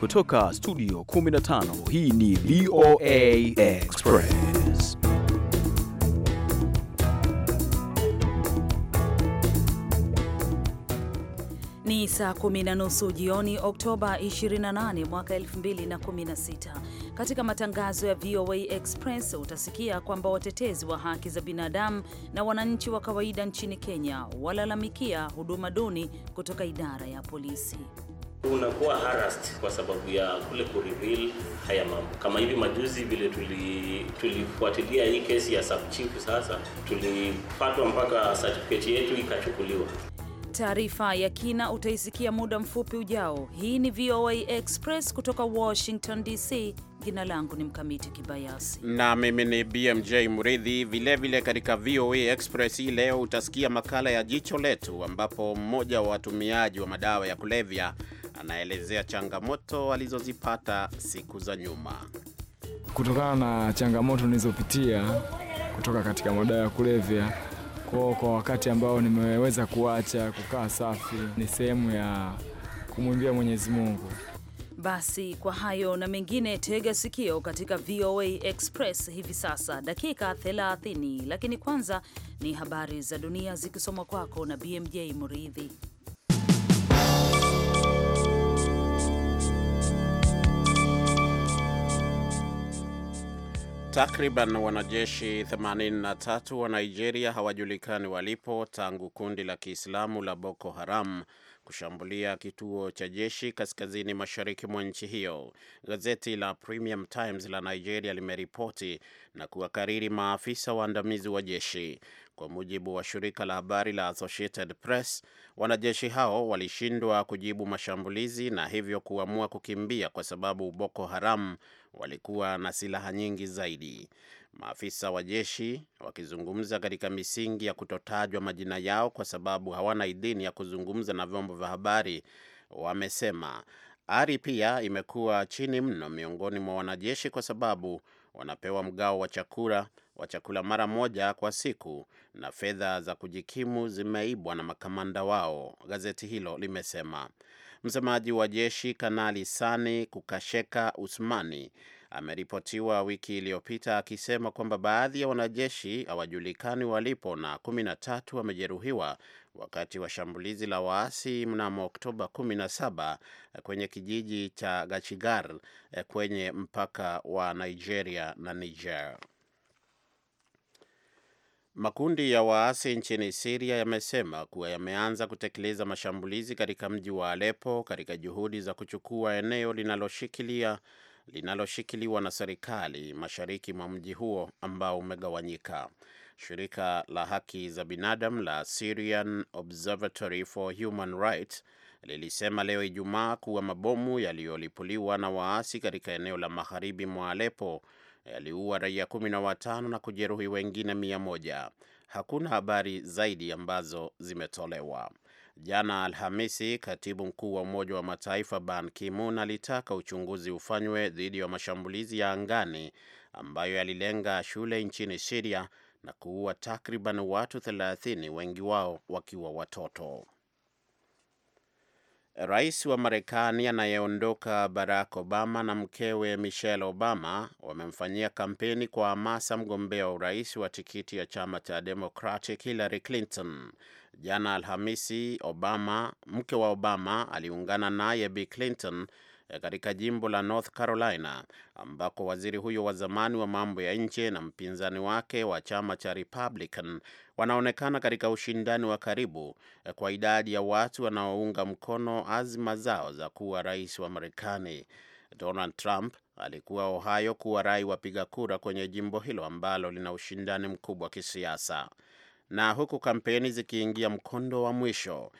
Kutoka studio 15 hii ni VOA Express. Ni saa kumi na nusu jioni, Oktoba 28 mwaka 2016. Katika matangazo ya VOA Express utasikia kwamba watetezi wa haki za binadamu na wananchi wa kawaida nchini Kenya walalamikia huduma duni kutoka idara ya polisi unakuwa harassed kwa sababu ya kule kureveal haya mambo. Kama hivi majuzi vile tulifuatilia tuli hii kesi ya subchief, sasa tulipatwa mpaka certificate yetu ikachukuliwa. Taarifa ya kina utaisikia muda mfupi ujao. Hii ni VOA Express kutoka Washington DC. Jina langu ni Mkamiti Kibayasi na mimi ni BMJ Muridhi. Vilevile katika VOA Express hii leo utasikia makala ya jicho letu, ambapo mmoja wa watumiaji wa madawa ya kulevya anaelezea changamoto alizozipata siku za nyuma. Kutokana na changamoto nilizopitia kutoka katika madawa ya kulevya kwao, kwa wakati ambao nimeweza kuacha kukaa safi, ni sehemu ya kumwimbia Mwenyezi Mungu. Basi kwa hayo na mengine, tega sikio katika VOA Express hivi sasa, dakika 30. Lakini kwanza ni habari za dunia zikisomwa kwako na BMJ Muridhi. Takriban wanajeshi 83 wa Nigeria hawajulikani walipo tangu kundi la Kiislamu la Boko Haram kushambulia kituo cha jeshi kaskazini mashariki mwa nchi hiyo. Gazeti la Premium Times la Nigeria limeripoti na kuwakariri maafisa waandamizi wa jeshi. Kwa mujibu wa shirika la habari la Associated Press, wanajeshi hao walishindwa kujibu mashambulizi na hivyo kuamua kukimbia kwa sababu Boko Haram walikuwa na silaha nyingi zaidi. Maafisa wa jeshi wakizungumza katika misingi ya kutotajwa majina yao kwa sababu hawana idhini ya kuzungumza na vyombo vya habari wamesema ari pia imekuwa chini mno miongoni mwa wanajeshi kwa sababu wanapewa mgao wa chakula wa chakula mara moja kwa siku na fedha za kujikimu zimeibwa na makamanda wao, gazeti hilo limesema. Msemaji wa jeshi Kanali Sani Kukasheka Usmani ameripotiwa wiki iliyopita akisema kwamba baadhi ya wanajeshi hawajulikani walipo na kumi na tatu wamejeruhiwa wakati wa shambulizi la waasi mnamo Oktoba 17 kwenye kijiji cha Gachigar kwenye mpaka wa Nigeria na Niger. Makundi ya waasi nchini Siria yamesema kuwa yameanza kutekeleza mashambulizi katika mji wa Alepo katika juhudi za kuchukua eneo linaloshikilia linaloshikiliwa na serikali mashariki mwa mji huo ambao umegawanyika. Shirika la haki za binadamu la Syrian Observatory for Human Rights lilisema leo Ijumaa kuwa mabomu yaliyolipuliwa na waasi katika eneo la magharibi mwa Alepo yaliua raia kumi na watano na kujeruhi wengine mia moja. Hakuna habari zaidi ambazo zimetolewa. Jana Alhamisi, katibu mkuu wa Umoja wa Mataifa Ban Ki-moon alitaka uchunguzi ufanywe dhidi ya mashambulizi ya angani ambayo yalilenga shule nchini Siria na kuua takriban watu 30, wengi wao wakiwa watoto. Rais wa Marekani anayeondoka Barack Obama na mkewe Michelle Obama wamemfanyia kampeni kwa hamasa mgombea wa urais wa tikiti ya chama cha Democratic Hillary Clinton. Jana Alhamisi, Obama, mke wa Obama aliungana naye Bi Clinton Eh, katika jimbo la North Carolina ambako waziri huyo wa zamani wa mambo ya nje na mpinzani wake wa chama cha Republican wanaonekana katika ushindani wa karibu eh, kwa idadi ya watu wanaounga mkono azma zao za kuwa rais wa Marekani. Donald Trump alikuwa Ohio rai wapiga kura kwenye jimbo hilo ambalo lina ushindani mkubwa kisiasa. Na huku kampeni zikiingia mkondo wa mwisho,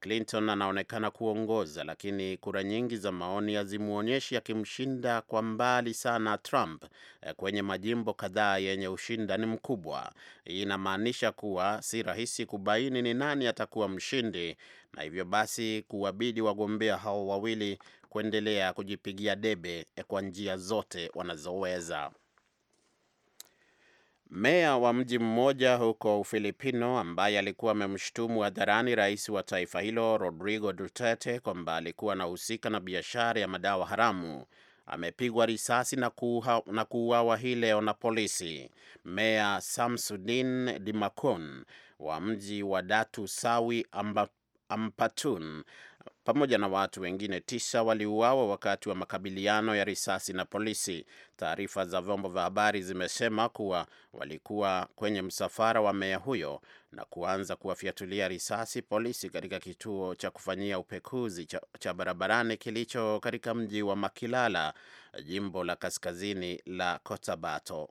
Clinton anaonekana kuongoza, lakini kura nyingi za maoni hazimwonyeshi akimshinda kwa mbali sana Trump eh, kwenye majimbo kadhaa yenye ushindani mkubwa. Hii inamaanisha kuwa si rahisi kubaini ni nani atakuwa mshindi, na hivyo basi kuwabidi wagombea hao wawili kuendelea kujipigia debe eh, kwa njia zote wanazoweza. Meya wa mji mmoja huko Ufilipino ambaye alikuwa amemshutumu hadharani rais wa taifa hilo Rodrigo Duterte kwamba alikuwa anahusika na biashara ya madawa haramu amepigwa risasi na kuuawa hii leo na polisi. Meya Samsudin Dimakon wa mji wa Datu Sawi Amba, Ampatun pamoja na watu wengine tisa waliuawa wakati wa makabiliano ya risasi na polisi. Taarifa za vyombo vya habari zimesema kuwa walikuwa kwenye msafara wa meya huyo na kuanza kuwafyatulia risasi polisi katika kituo cha kufanyia upekuzi cha, cha barabarani kilicho katika mji wa Makilala, jimbo la kaskazini la cotabato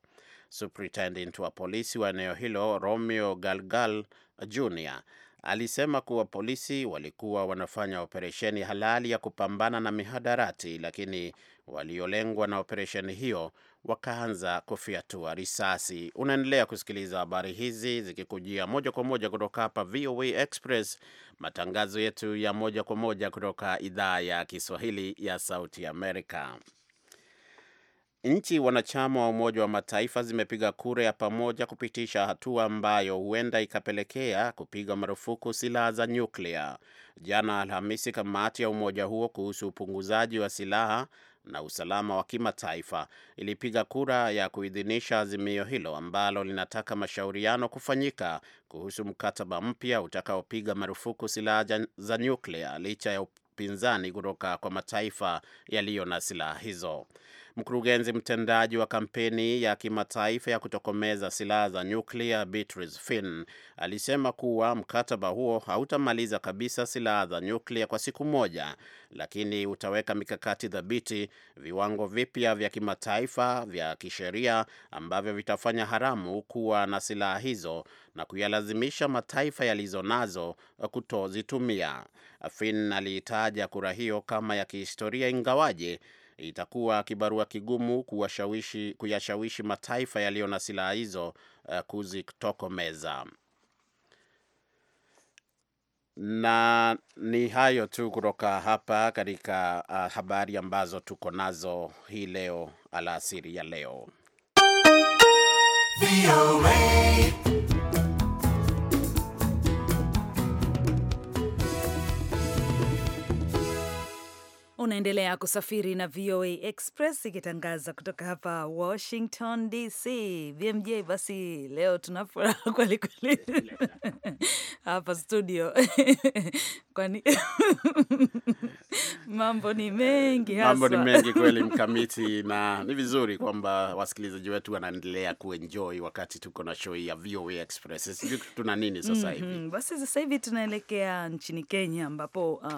Superintendent wa polisi wa eneo hilo Romeo Galgal Jr alisema kuwa polisi walikuwa wanafanya operesheni halali ya kupambana na mihadarati, lakini waliolengwa na operesheni hiyo wakaanza kufyatua risasi. Unaendelea kusikiliza habari hizi zikikujia moja kwa moja kutoka hapa VOA Express, matangazo yetu ya moja kwa moja kutoka idhaa ya Kiswahili ya Sauti Amerika. Nchi wanachama wa Umoja wa Mataifa zimepiga kura ya pamoja kupitisha hatua ambayo huenda ikapelekea kupiga marufuku silaha za nyuklia. Jana Alhamisi, kamati ya umoja huo kuhusu upunguzaji wa silaha na usalama wa kimataifa ilipiga kura ya kuidhinisha azimio hilo ambalo linataka mashauriano kufanyika kuhusu mkataba mpya utakaopiga marufuku silaha za nyuklia licha ya upinzani kutoka kwa mataifa yaliyo na silaha hizo. Mkurugenzi mtendaji wa kampeni ya kimataifa ya kutokomeza silaha za nyuklia Beatrice Finn alisema kuwa mkataba huo hautamaliza kabisa silaha za nyuklia kwa siku moja, lakini utaweka mikakati thabiti, viwango vipya vya kimataifa vya kisheria ambavyo vitafanya haramu kuwa na silaha hizo na kuyalazimisha mataifa yalizo nazo kutozitumia. Finn aliitaja kura hiyo kama ya kihistoria, ingawaje itakuwa kibarua kigumu kuyashawishi mataifa yaliyo na silaha hizo uh, eh, kuzitokomeza. Na ni hayo tu kutoka hapa katika uh, habari ambazo tuko nazo hii leo alasiri ya leo. Unaendelea kusafiri na VOA Express ikitangaza kutoka hapa Washington DC. BMJ, basi leo tuna furaha kwelikweli hapa studio kwani Mambo ni mengi hasa. Mambo ni mengi kweli mkamiti, na ni vizuri kwamba wasikilizaji wetu wanaendelea kuenjoy wakati tuko na show ya VOA Express. Sijui tuna nini sasa hivi? Mm -hmm. Basi sasa hivi tunaelekea nchini Kenya ambapo uh,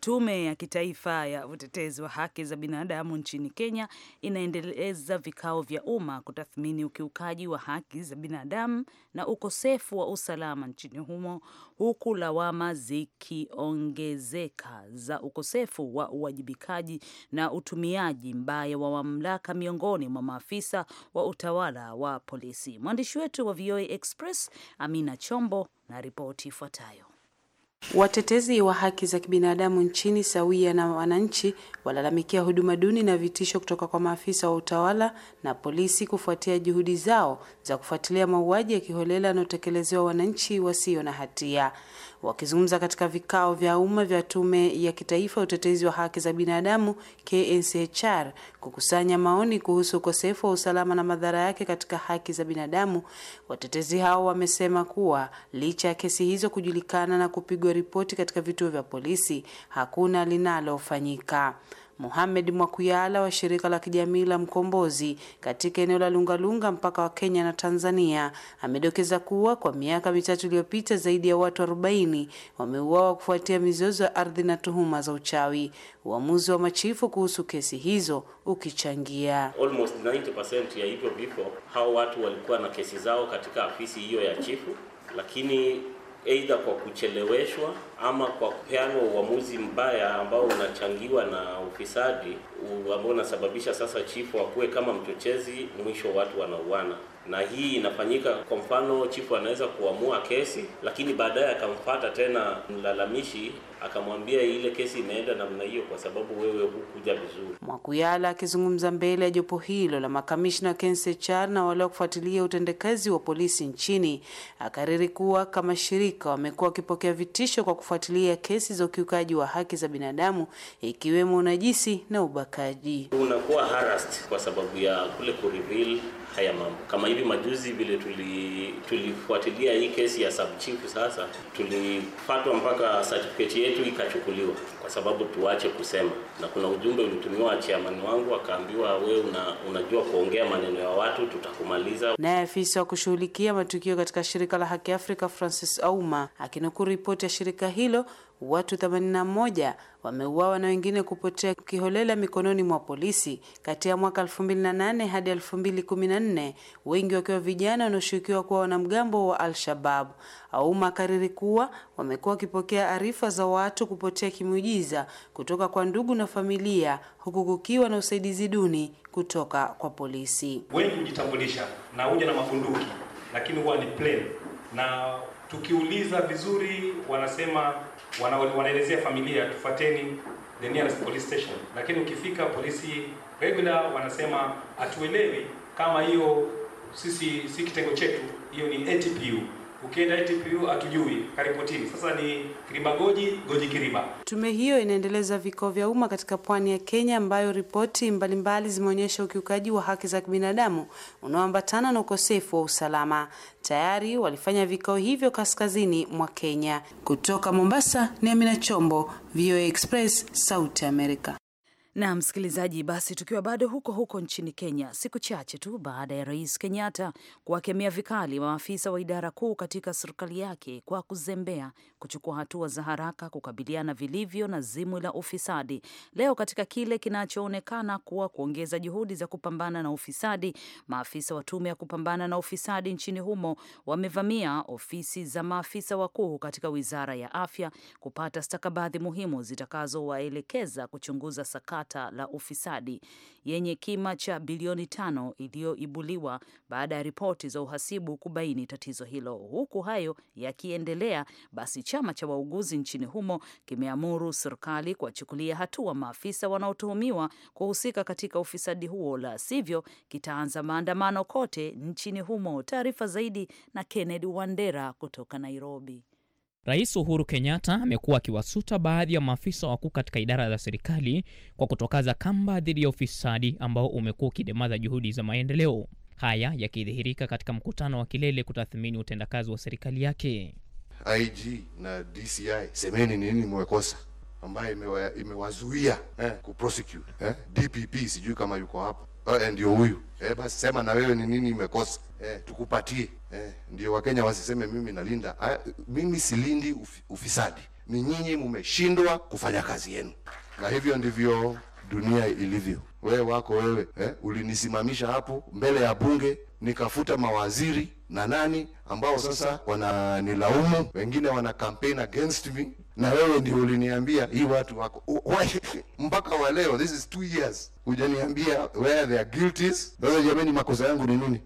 tume ya kitaifa ya utetezi wa haki za binadamu nchini Kenya inaendeleza vikao vya umma kutathmini ukiukaji wa haki za binadamu na ukosefu wa usalama nchini humo huku lawama zikiongezeka za ukosefu wa uwajibikaji na utumiaji mbaya wa mamlaka miongoni mwa maafisa wa utawala wa polisi. Mwandishi wetu wa VOA Express Amina Chombo na ripoti ifuatayo. Watetezi wa haki za kibinadamu nchini sawia na wananchi walalamikia huduma duni na vitisho kutoka kwa maafisa wa utawala na polisi kufuatia juhudi zao za kufuatilia mauaji ya kiholela yanayotekelezewa wananchi wasio na hatia. Wakizungumza katika vikao vya umma vya Tume ya Kitaifa ya Utetezi wa Haki za Binadamu KNCHR kukusanya maoni kuhusu ukosefu wa usalama na madhara yake katika haki za binadamu, watetezi hao wamesema kuwa licha ya kesi hizo kujulikana na kupigwa ripoti katika vituo vya polisi, hakuna linalofanyika. Mohamed Mwakuyala wa shirika la kijamii la Mkombozi katika eneo la Lungalunga mpaka wa Kenya na Tanzania amedokeza kuwa kwa miaka mitatu iliyopita zaidi ya watu 40 wameuawa kufuatia mizozo ya ardhi na tuhuma za uchawi. Uamuzi wa machifu kuhusu kesi hizo ukichangia almost 90% ya hivyo vifo, hao watu walikuwa na kesi zao katika afisi hiyo ya chifu, lakini aidha kwa kucheleweshwa ama kwa kupeanwa uamuzi mbaya ambao unachangiwa na ufisadi ambao unasababisha sasa chifu akuwe kama mchochezi, mwisho watu wanauana na hii inafanyika. Kwa mfano, chifu anaweza kuamua kesi, lakini baadaye akamfata tena mlalamishi akamwambia ile kesi imeenda namna hiyo kwa sababu wewe hukuja vizuri. Mwakuyala akizungumza mbele ya jopo hilo la makamishna Ken Sechar na wale wa kufuatilia utendekazi wa polisi nchini, akariri kuwa kama shirika wamekuwa wakipokea vitisho kwa kufuatilia kesi za ukiukaji wa haki za binadamu ikiwemo unajisi na ubakaji. Unakuwa harassed kwa sababu ya kule kureveal haya mambo. Kama hivi majuzi vile tuli tulifuatilia hii kesi ya subchief, sasa tulipatwa mpaka certificate yetu ikachukuliwa kwa sababu tuache kusema, na kuna ujumbe ulitumiwa chairman wangu akaambiwa, wewe una, unajua kuongea maneno ya watu tutakumaliza. Naye afisa wa kushughulikia matukio katika shirika la Haki Afrika Francis Auma akinukuu ripoti ya shirika hilo watu 81 wameuawa na wengine kupotea kiholela mikononi mwa polisi kati ya mwaka 2008 hadi 2014, wengi wakiwa vijana wanaoshukiwa kuwa wanamgambo wa Al-Shabab. Auma akariri kuwa wamekuwa wakipokea arifa za watu kupotea kimuujiza kutoka kwa ndugu na familia, huku kukiwa na usaidizi duni kutoka kwa polisi. Wengi kujitambulisha na huja na mafunduki lakini huwa ni plain, na tukiuliza vizuri wanasema wanaelezea familia tufateni the nearest police station, lakini ukifika polisi regular wanasema hatuelewi kama hiyo sisi si kitengo chetu, hiyo ni ATPU Ukienda ITPU atujui karipotini. Sasa ni Kiriba Goji, Goji Kiriba. Tume hiyo inaendeleza vikao vya umma katika pwani ya Kenya, ambayo ripoti mbalimbali zimeonyesha ukiukaji wa haki za kibinadamu unaoambatana na ukosefu wa usalama. Tayari walifanya vikao hivyo kaskazini mwa Kenya. Kutoka Mombasa ni Amina Chombo, VOA Express, Sauti America. Na msikilizaji, basi tukiwa bado huko huko nchini Kenya, siku chache tu baada ya Rais Kenyatta kuwakemea vikali maafisa wa idara kuu katika serikali yake kwa kuzembea kuchukua hatua za haraka kukabiliana vilivyo na zimwi la ufisadi, leo katika kile kinachoonekana kuwa kuongeza juhudi za kupambana na ufisadi, maafisa wa tume ya kupambana na ufisadi nchini humo wamevamia ofisi za maafisa wakuu katika wizara ya afya kupata stakabadhi muhimu zitakazowaelekeza kuchunguza sakata sakata la ufisadi yenye kima cha bilioni tano iliyoibuliwa baada ya ripoti za uhasibu kubaini tatizo hilo. Huku hayo yakiendelea, basi chama cha wauguzi nchini humo kimeamuru serikali kuwachukulia hatua maafisa wanaotuhumiwa kuhusika katika ufisadi huo, la sivyo kitaanza maandamano kote nchini humo. Taarifa zaidi na Kennedy Wandera kutoka Nairobi. Rais Uhuru Kenyatta amekuwa akiwasuta baadhi ya maafisa wakuu katika idara za serikali kwa kutokaza kamba dhidi ya ufisadi ambao umekuwa ukidemaza juhudi za maendeleo, haya yakidhihirika katika mkutano wa kilele kutathmini utendakazi wa serikali yake. IG na DCI, semeni ni nini mwekosa ambayo imewazuia eh, kuprosecute eh, DPP sijui kama yuko hapa eh, ndio huyu eh, basi sema na wewe ni nini imekosa eh, tukupatie eh, ndio Wakenya wasiseme mimi nalinda ah, mimi silindi ufisadi, ni nyinyi mmeshindwa kufanya kazi yenu, na hivyo ndivyo dunia ilivyo. we wako wewe eh, ulinisimamisha hapo mbele ya bunge nikafuta mawaziri na nani ambao sasa wananilaumu, wengine wana campaign against me na wewe ndio uliniambia hii watu wako mpaka wa leo, this is two years, hujaniambia where their guilt is. Sasa jamani, makosa yangu ni nini?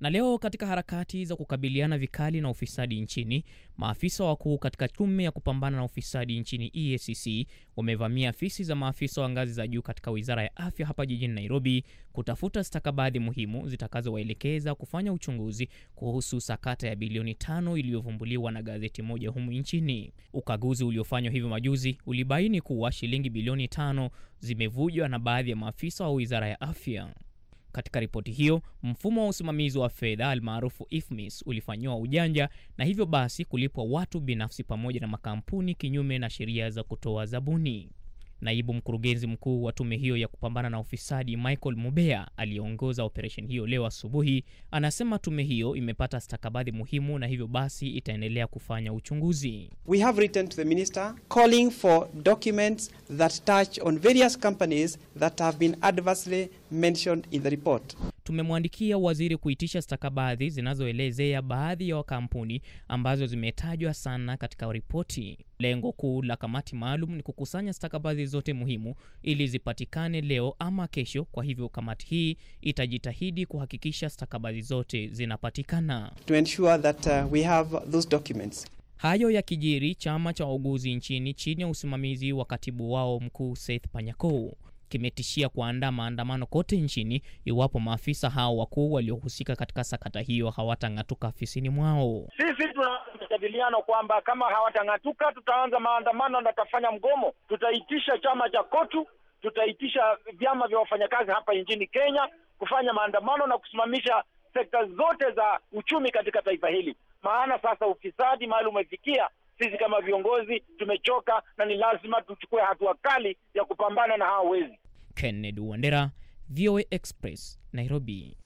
Na leo katika harakati za kukabiliana vikali na ufisadi nchini, maafisa wakuu katika tume ya kupambana na ufisadi nchini EACC wamevamia afisi za maafisa wa ngazi za juu katika wizara ya afya hapa jijini Nairobi kutafuta stakabadhi muhimu zitakazowaelekeza kufanya uchunguzi kuhusu sakata ya bilioni tano iliyovumbuliwa na gazeti moja humu nchini. Ukaguzi uliofanywa hivi majuzi ulibaini kuwa shilingi bilioni tano zimevujwa na baadhi ya maafisa wa wizara ya afya. Katika ripoti hiyo, mfumo wa usimamizi wa fedha almaarufu IFMIS ulifanyiwa ujanja na hivyo basi kulipwa watu binafsi pamoja na makampuni kinyume na sheria za kutoa zabuni. Naibu mkurugenzi mkuu wa tume hiyo ya kupambana na ufisadi Michael Mubea aliyeongoza operesheni hiyo leo asubuhi anasema tume hiyo imepata stakabadhi muhimu na hivyo basi itaendelea kufanya uchunguzi. We have written to the minister calling for documents that touch on various companies that have been adversely mentioned in the report tumemwandikia waziri kuitisha stakabadhi zinazoelezea baadhi ya kampuni ambazo zimetajwa sana katika ripoti. Lengo kuu la kamati maalum ni kukusanya stakabadhi zote muhimu ili zipatikane leo ama kesho. Kwa hivyo kamati hii itajitahidi kuhakikisha stakabadhi zote zinapatikana. To ensure that, uh, we have those documents. Hayo ya kijiri, chama cha wauguzi nchini chini ya usimamizi wa katibu wao mkuu Seth Panyako kimetishia kuandaa maandamano kote nchini iwapo maafisa hao wakuu waliohusika katika sakata hiyo hawatang'atuka afisini mwao. Sisi tuna majadiliano kwamba kama hawatang'atuka, tutaanza maandamano na tutafanya mgomo, tutaitisha chama cha KOTU, tutaitisha vyama vya wafanyakazi hapa nchini Kenya kufanya maandamano na kusimamisha sekta zote za uchumi katika taifa hili, maana sasa ufisadi mahali umefikia sisi kama viongozi tumechoka na ni lazima tuchukue hatua kali ya kupambana na hawa wezi. Kennedy Wandera, VOA Express, Nairobi.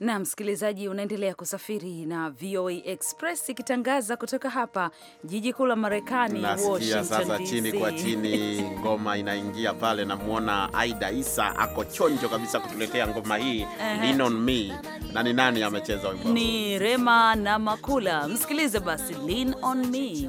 Na msikilizaji, unaendelea kusafiri na VOA Express ikitangaza kutoka hapa jiji kuu la Marekani, Washington sasa. Chini kwa chini ngoma inaingia pale, namwona Aida Isa ako chonjo kabisa kutuletea ngoma hii Lean on Me. Na ni nani amecheza wimbo? Ni Rema na Makula. Msikilize basi Lean on Me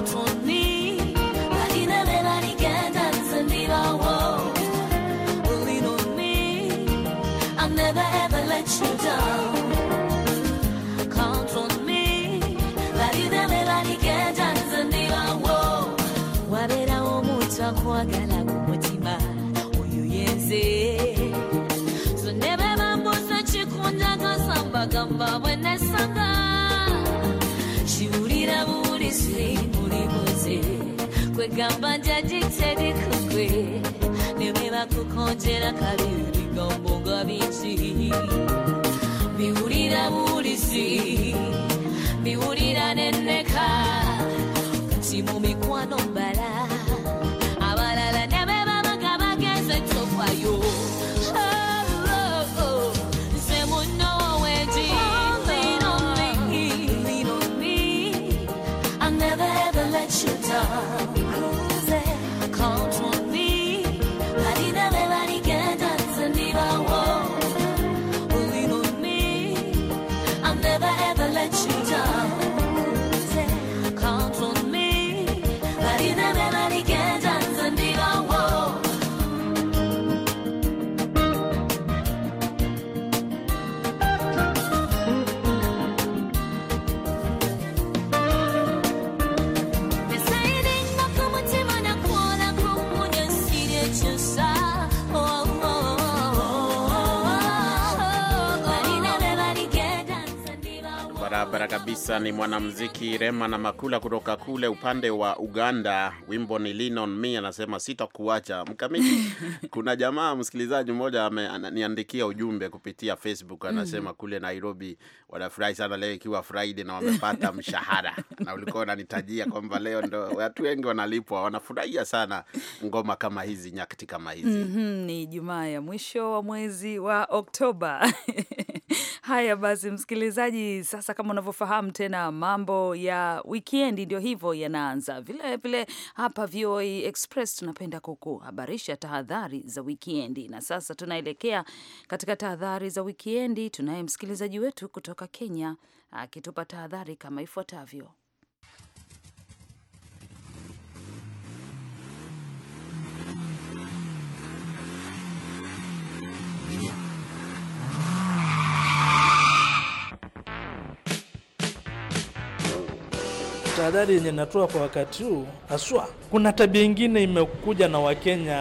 samba when sanga shiurira buri se muri boze kwe gamba jajitere Just. side. Barabara kabisa. Ni mwanamziki Rema na Makula kutoka kule upande wa Uganda. Wimbo ni Lean on Me, anasema sitakuacha mkamiti. Kuna jamaa msikilizaji mmoja ameniandikia ujumbe kupitia Facebook, anasema mm, kule Nairobi wanafurahi sana leo ikiwa Friday na wamepata mshahara na ulikuwa unanitajia kwamba leo ndo watu wengi wanalipwa, wanafurahia sana ngoma kama hizi, nyakati kama hizi. Mm -hmm, ni Jumaa ya mwisho wa mwezi wa Oktoba Haya basi, msikilizaji, sasa kama unavyofahamu tena, mambo ya wikendi ndio hivyo yanaanza. vilevile hapa VOA Express tunapenda kukuhabarisha tahadhari za wikendi, na sasa tunaelekea katika tahadhari za wikendi. Tunaye msikilizaji wetu kutoka Kenya akitupa tahadhari kama ifuatavyo. tahadhari yenye natoa kwa wakati huu haswa, kuna tabia ingine imekuja na Wakenya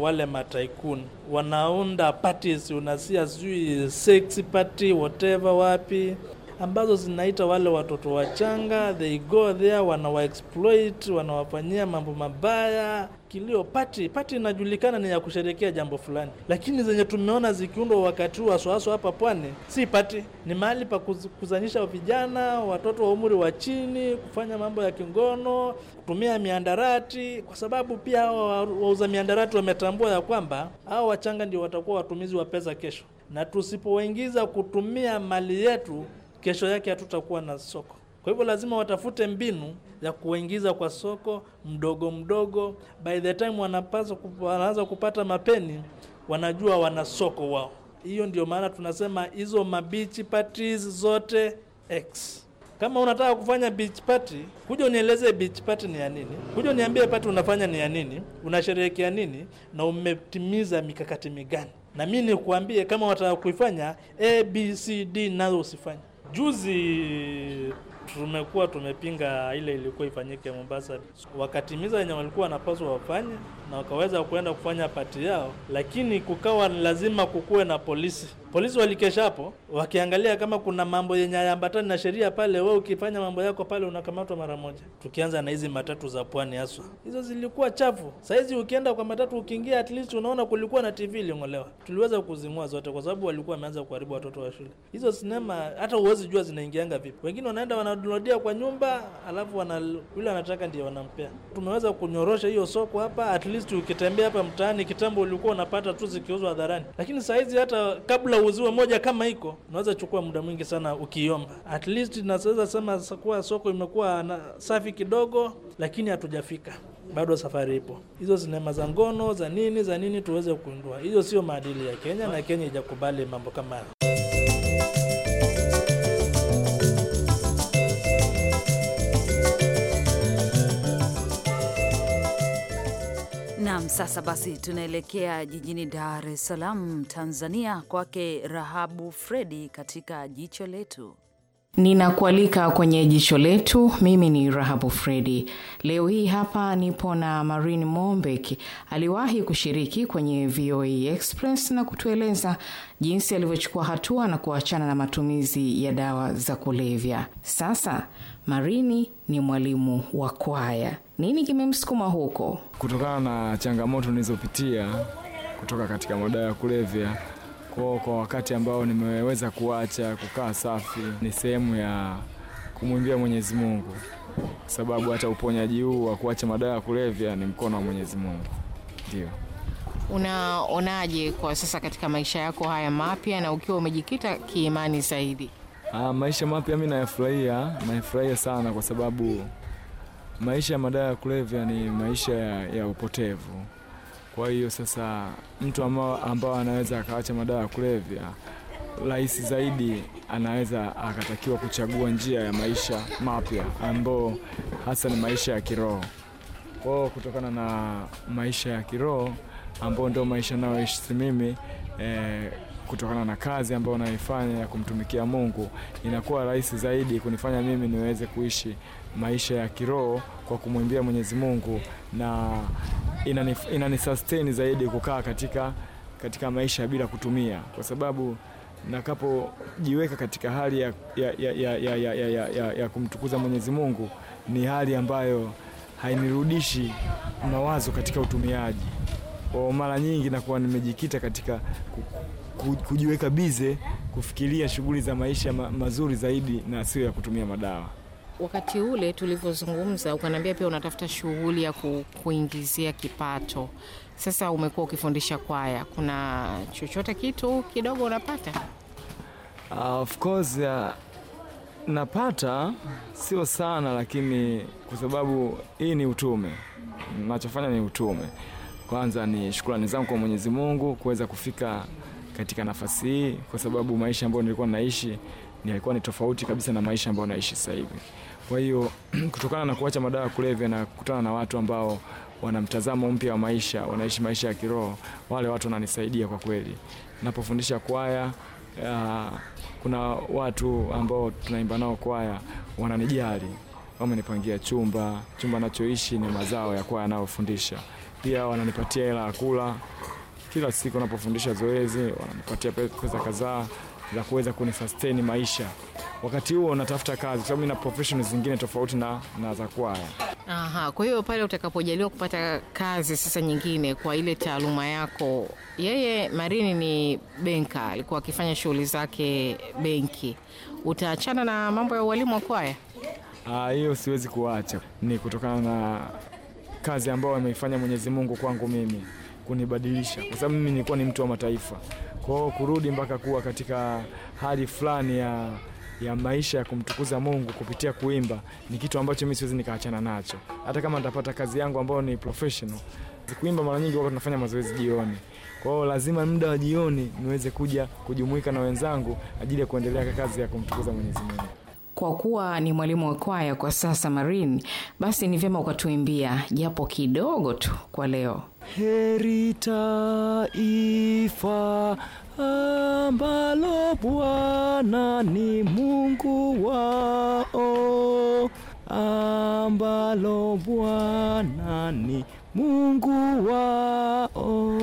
wale mataikuni wanaunda parties, unasia sijui sex party whatever wapi ambazo zinaita wale watoto wachanga, they go there, exploit, wanawafanyia mambo mabaya. Kilio pati pati inajulikana ni ya kusherekea jambo fulani, lakini zenye tumeona zikiundwa wakati huu haswahaswa hapa pwani si pati, ni mahali pa kuzanyisha vijana, watoto wa umri wa chini, kufanya mambo ya kingono, kutumia miandarati, kwa sababu pia hao wauza miandarati wametambua ya kwamba hao wachanga ndio watakuwa watumizi wa pesa kesho, na tusipowaingiza kutumia mali yetu kesho yake hatutakuwa na soko. Kwa hivyo lazima watafute mbinu ya kuingiza kwa soko mdogo mdogo. By the time wanapaswa wanaanza kupata mapeni, wanajua wana soko wao. Hiyo ndio maana tunasema hizo mabichi parties zote X. Kama unataka kufanya beach party, kuja unieleze beach party ni ya nini, kuja uniambie party unafanya ni ya nini, unasherehekea nini na umetimiza mikakati migani, na mimi nikuambie kama wataka kuifanya A B C D nazo usifanye. Juzi tumekuwa tumepinga ile ilikuwa ifanyike Mombasa, wakatimiza yenye walikuwa wanapaswa wafanye, na wakaweza kuenda kufanya pati yao, lakini kukawa lazima kukuwe na polisi. Polisi walikesha hapo wakiangalia kama kuna mambo yenye hayaambatani na sheria pale. Wewe ukifanya mambo yako pale unakamatwa mara moja. Tukianza na hizi matatu za pwani, haswa hizo zilikuwa chafu. Sahizi ukienda kwa matatu, ukiingia, at least unaona kulikuwa na TV iling'olewa. Tuliweza kuzimua zote kwa sababu walikuwa wameanza kuharibu watoto wa shule. Hizo sinema hata huwezi jua zinaingianga vipi. Wengine wanaenda wanadownloadia kwa nyumba, alafu wana yule anataka ndio wanampea. Tumeweza kunyorosha hiyo soko hapa at least least ukitembea hapa mtaani, kitambo ulikuwa unapata tu zikiuzwa hadharani, lakini saa hizi hata kabla uziwe moja kama iko unaweza chukua muda mwingi sana ukiomba. At least naweza sema kuwa soko imekuwa safi kidogo, lakini hatujafika bado, safari ipo. Hizo sinema za ngono za nini za nini tuweze kuindua, hizo sio maadili ya Kenya na Kenya ijakubali mambo kama hayo. Nam, sasa basi tunaelekea jijini Dar es Salaam, Tanzania, kwake Rahabu Fredi katika jicho letu. Ninakualika kwenye jicho letu. Mimi ni Rahabu Fredi. Leo hii hapa nipo na Marin Mombek, aliwahi kushiriki kwenye VOA Express na kutueleza jinsi alivyochukua hatua na kuachana na matumizi ya dawa za kulevya. Sasa Marini ni mwalimu wa kwaya nini kimemsukuma huko? Kutokana na changamoto nilizopitia kutoka katika madawa ya kulevya kwao, kwa wakati ambao nimeweza kuacha kukaa safi, ni sehemu ya kumwimbia Mwenyezi Mungu, kwa sababu hata uponyaji huu wa kuacha madawa ya kulevya ni mkono wa Mwenyezi Mungu. Ndio. Unaonaje kwa sasa katika maisha yako haya mapya na ukiwa umejikita kiimani zaidi? Ah, maisha mapya mimi nayafurahia, nayafurahia sana kwa sababu Maisha ya madawa ya kulevya ni maisha ya, ya upotevu. Kwa hiyo sasa mtu ambao, amba anaweza akaacha madawa ya kulevya rahisi zaidi, anaweza akatakiwa kuchagua njia ya maisha mapya ambao hasa ni maisha ya kiroho. Kwao kutokana na maisha ya kiroho ambao ndio maisha nayoishi mimi e, kutokana na kazi ambayo naifanya ya kumtumikia Mungu, inakuwa rahisi zaidi kunifanya mimi niweze kuishi maisha ya kiroho kwa kumwimbia Mwenyezi Mungu na inanisustain inani zaidi kukaa katika, katika maisha bila kutumia, kwa sababu nakapojiweka katika hali ya, ya, ya, ya, ya, ya, ya, ya, ya kumtukuza Mwenyezi Mungu ni hali ambayo hainirudishi mawazo katika utumiaji. Kwa mara nyingi nakuwa nimejikita katika kujiweka bize kufikiria shughuli za maisha ma, mazuri zaidi na sio ya kutumia madawa wakati ule tulivyozungumza, ukanaambia pia unatafuta shughuli ya ku, kuingizia kipato. Sasa umekuwa ukifundisha kwaya, kuna chochote kitu kidogo unapata? Uh, of course uh, napata sio sana, lakini kwa sababu hii ni utume, nachofanya ni utume. Kwanza ni shukrani zangu kwa Mwenyezi Mungu kuweza kufika katika nafasi hii, kwa sababu maisha ambayo nilikuwa naishi yalikuwa ni tofauti kabisa na maisha ambayo naishi sasa hivi. Kwa hiyo kutokana na kuacha madawa ya kulevya na kukutana na watu ambao wana mtazamo mpya wa maisha, wanaishi maisha ya kiroho, wale watu wananisaidia kwa kweli. Napofundisha kwaya uh, kuna watu ambao tunaimba nao kwaya wananijali, wamenipangia chumba, chumba nachoishi ni mazao ya kwaya anayofundisha, pia wananipatia hela ya kula kila siku. Napofundisha zoezi wananipatia pesa kadhaa za kuweza kunisustain maisha. Wakati huo natafuta kazi, kwa sababu nina profession zingine tofauti na, na za kwaya. Aha, kwa hiyo pale utakapojaliwa kupata kazi sasa nyingine kwa ile taaluma yako. Yeye Marini ni benka, alikuwa akifanya shughuli zake benki. Utaachana na mambo ya ualimu wa kwaya? Ah, hiyo siwezi kuacha, ni kutokana na kazi ambayo ameifanya Mwenyezi Mungu kwangu mimi kunibadilisha, kwa sababu mimi nilikuwa ni mtu wa mataifa kwa hiyo kurudi mpaka kuwa katika hali fulani ya, ya maisha ya kumtukuza Mungu kupitia kuimba ni kitu ambacho mimi siwezi nikaachana nacho, hata kama nitapata kazi yangu ambayo ni professional. Kuimba mara nyingi wako tunafanya mazoezi jioni, kwa hiyo lazima muda wa jioni niweze kuja kujumuika na wenzangu ajili ya kuendelea kazi ya kumtukuza Mwenyezi Mungu kwa kuwa ni mwalimu wa kwaya kwa sasa marin basi ni vyema ukatuimbia japo kidogo tu kwa leo. Heri taifa ambalo Bwana ni Mungu wao, ambalo Bwana ni Mungu wao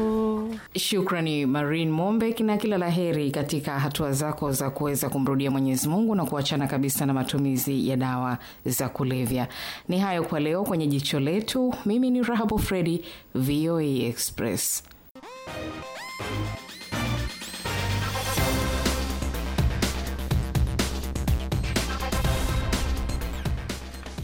Shukrani Marin Mombek, na kila la heri katika hatua zako za kuweza kumrudia Mwenyezi Mungu na kuachana kabisa na matumizi ya dawa za kulevya. Ni hayo kwa leo kwenye jicho letu. Mimi ni Rahabu Fredi, VOA Express.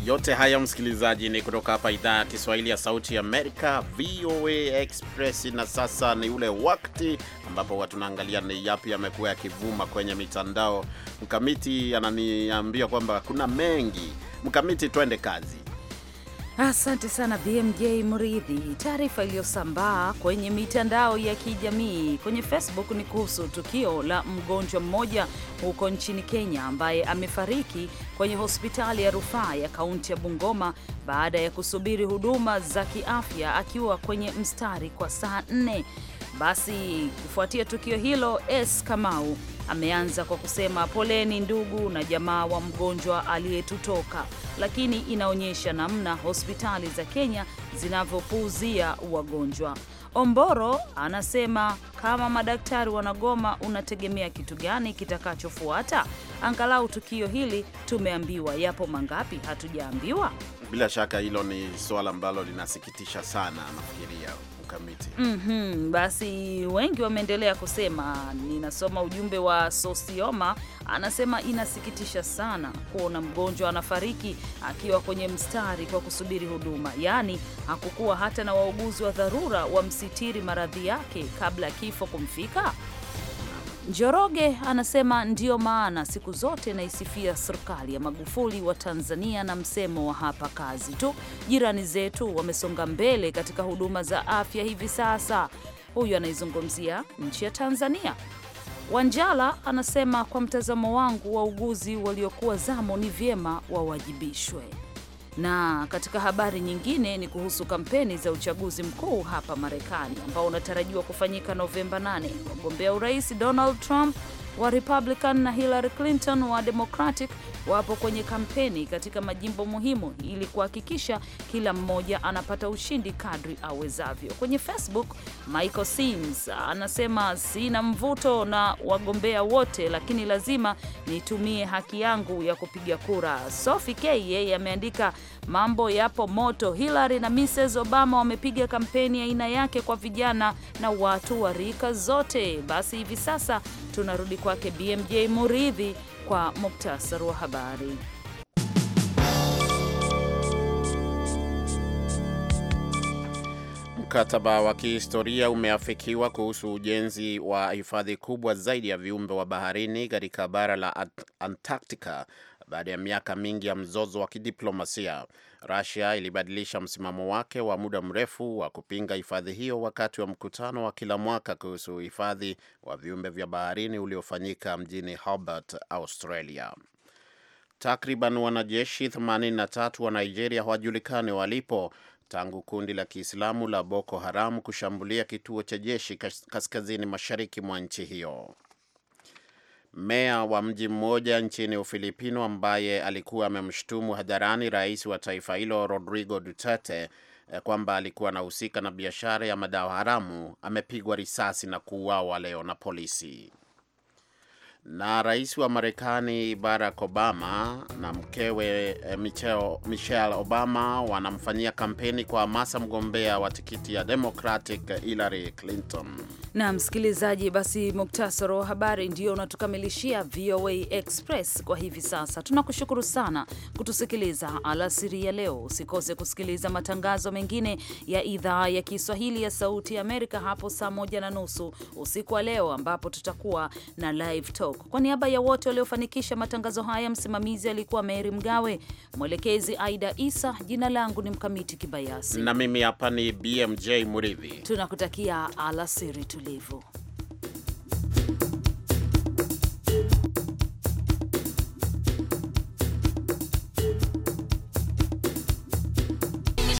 Yote haya msikilizaji, ni kutoka hapa idhaa ya Kiswahili ya Sauti ya Amerika, VOA Express. Na sasa ni ule wakati ambapo tunaangalia ni yapi yamekuwa yakivuma kwenye mitandao. Mkamiti ananiambia kwamba kuna mengi. Mkamiti, twende kazi. Asante sana BMJ Mridhi. Taarifa iliyosambaa kwenye mitandao ya kijamii kwenye Facebook ni kuhusu tukio la mgonjwa mmoja huko nchini Kenya ambaye amefariki kwenye hospitali ya rufaa ya kaunti ya Bungoma baada ya kusubiri huduma za kiafya akiwa kwenye mstari kwa saa nne. Basi kufuatia tukio hilo, S Kamau ameanza kwa kusema poleni ndugu na jamaa wa mgonjwa aliyetutoka, lakini inaonyesha namna hospitali za Kenya zinavyopuuzia wagonjwa. Omboro anasema kama madaktari wanagoma, unategemea kitu gani kitakachofuata? Angalau tukio hili tumeambiwa, yapo mangapi hatujaambiwa? Bila shaka hilo ni suala ambalo linasikitisha sana, nafikiria mkamiti. mm -hmm. Basi wengi wameendelea kusema. Ninasoma ujumbe wa Sosioma, anasema inasikitisha sana kuona mgonjwa anafariki akiwa kwenye mstari kwa kusubiri huduma, yaani hakukuwa hata na wauguzi wa dharura wamsitiri maradhi yake kabla ya kifo kumfika. Njoroge anasema ndiyo maana siku zote naisifia serikali ya Magufuli wa Tanzania na msemo wa hapa kazi tu. Jirani zetu wamesonga mbele katika huduma za afya hivi sasa. Huyu anaizungumzia nchi ya Tanzania. Wanjala anasema kwa mtazamo wangu, wauguzi waliokuwa zamo ni vyema wawajibishwe. Na katika habari nyingine ni kuhusu kampeni za uchaguzi mkuu hapa Marekani ambao unatarajiwa kufanyika Novemba 8. Mgombea urais Donald Trump wa Republican na Hillary Clinton wa Democratic wapo kwenye kampeni katika majimbo muhimu ili kuhakikisha kila mmoja anapata ushindi kadri awezavyo. Kwenye Facebook, Michael Sims anasema sina mvuto na wagombea wote, lakini lazima nitumie haki yangu ya kupiga kura. Sophie K yeye ameandika Mambo yapo moto. Hillary na Mrs Obama wamepiga kampeni aina ya yake kwa vijana na watu wa rika zote. Basi hivi sasa tunarudi kwake BMJ Muridhi kwa muktasari wa habari. Mkataba wa kihistoria umeafikiwa kuhusu ujenzi wa hifadhi kubwa zaidi ya viumbe wa baharini katika bara la Antarctica baada ya miaka mingi ya mzozo wa kidiplomasia. Russia ilibadilisha msimamo wake wa muda mrefu wa kupinga hifadhi hiyo wakati wa mkutano wa kila mwaka kuhusu uhifadhi wa viumbe vya baharini uliofanyika mjini Hobart, Australia. Takriban wanajeshi 83 wa Nigeria hawajulikani walipo tangu kundi la Kiislamu la Boko Haram kushambulia kituo cha jeshi kaskazini mashariki mwa nchi hiyo meya wa mji mmoja nchini Ufilipino ambaye alikuwa amemshutumu hadharani rais wa taifa hilo Rodrigo Duterte eh, kwamba alikuwa anahusika na biashara ya madawa haramu amepigwa risasi na kuuawa leo na polisi na rais wa Marekani Barack Obama na mkewe eh, Michelle Obama wanamfanyia kampeni kwa hamasa mgombea wa tikiti ya Democratic Hillary Clinton. Na msikilizaji, basi muktasari wa habari ndio unatukamilishia VOA Express kwa hivi sasa. Tunakushukuru sana kutusikiliza alasiri ya leo. Usikose kusikiliza matangazo mengine ya idhaa ya Kiswahili ya Sauti ya Amerika hapo saa moja na nusu usiku wa leo, ambapo tutakuwa na live talk York. Kwa niaba ya wote waliofanikisha matangazo haya, msimamizi alikuwa Mary Mgawe, mwelekezi Aida Isa, jina langu ni Mkamiti Kibayasi na mimi hapa ni BMJ Muridhi. Tunakutakia alasiri tulivu.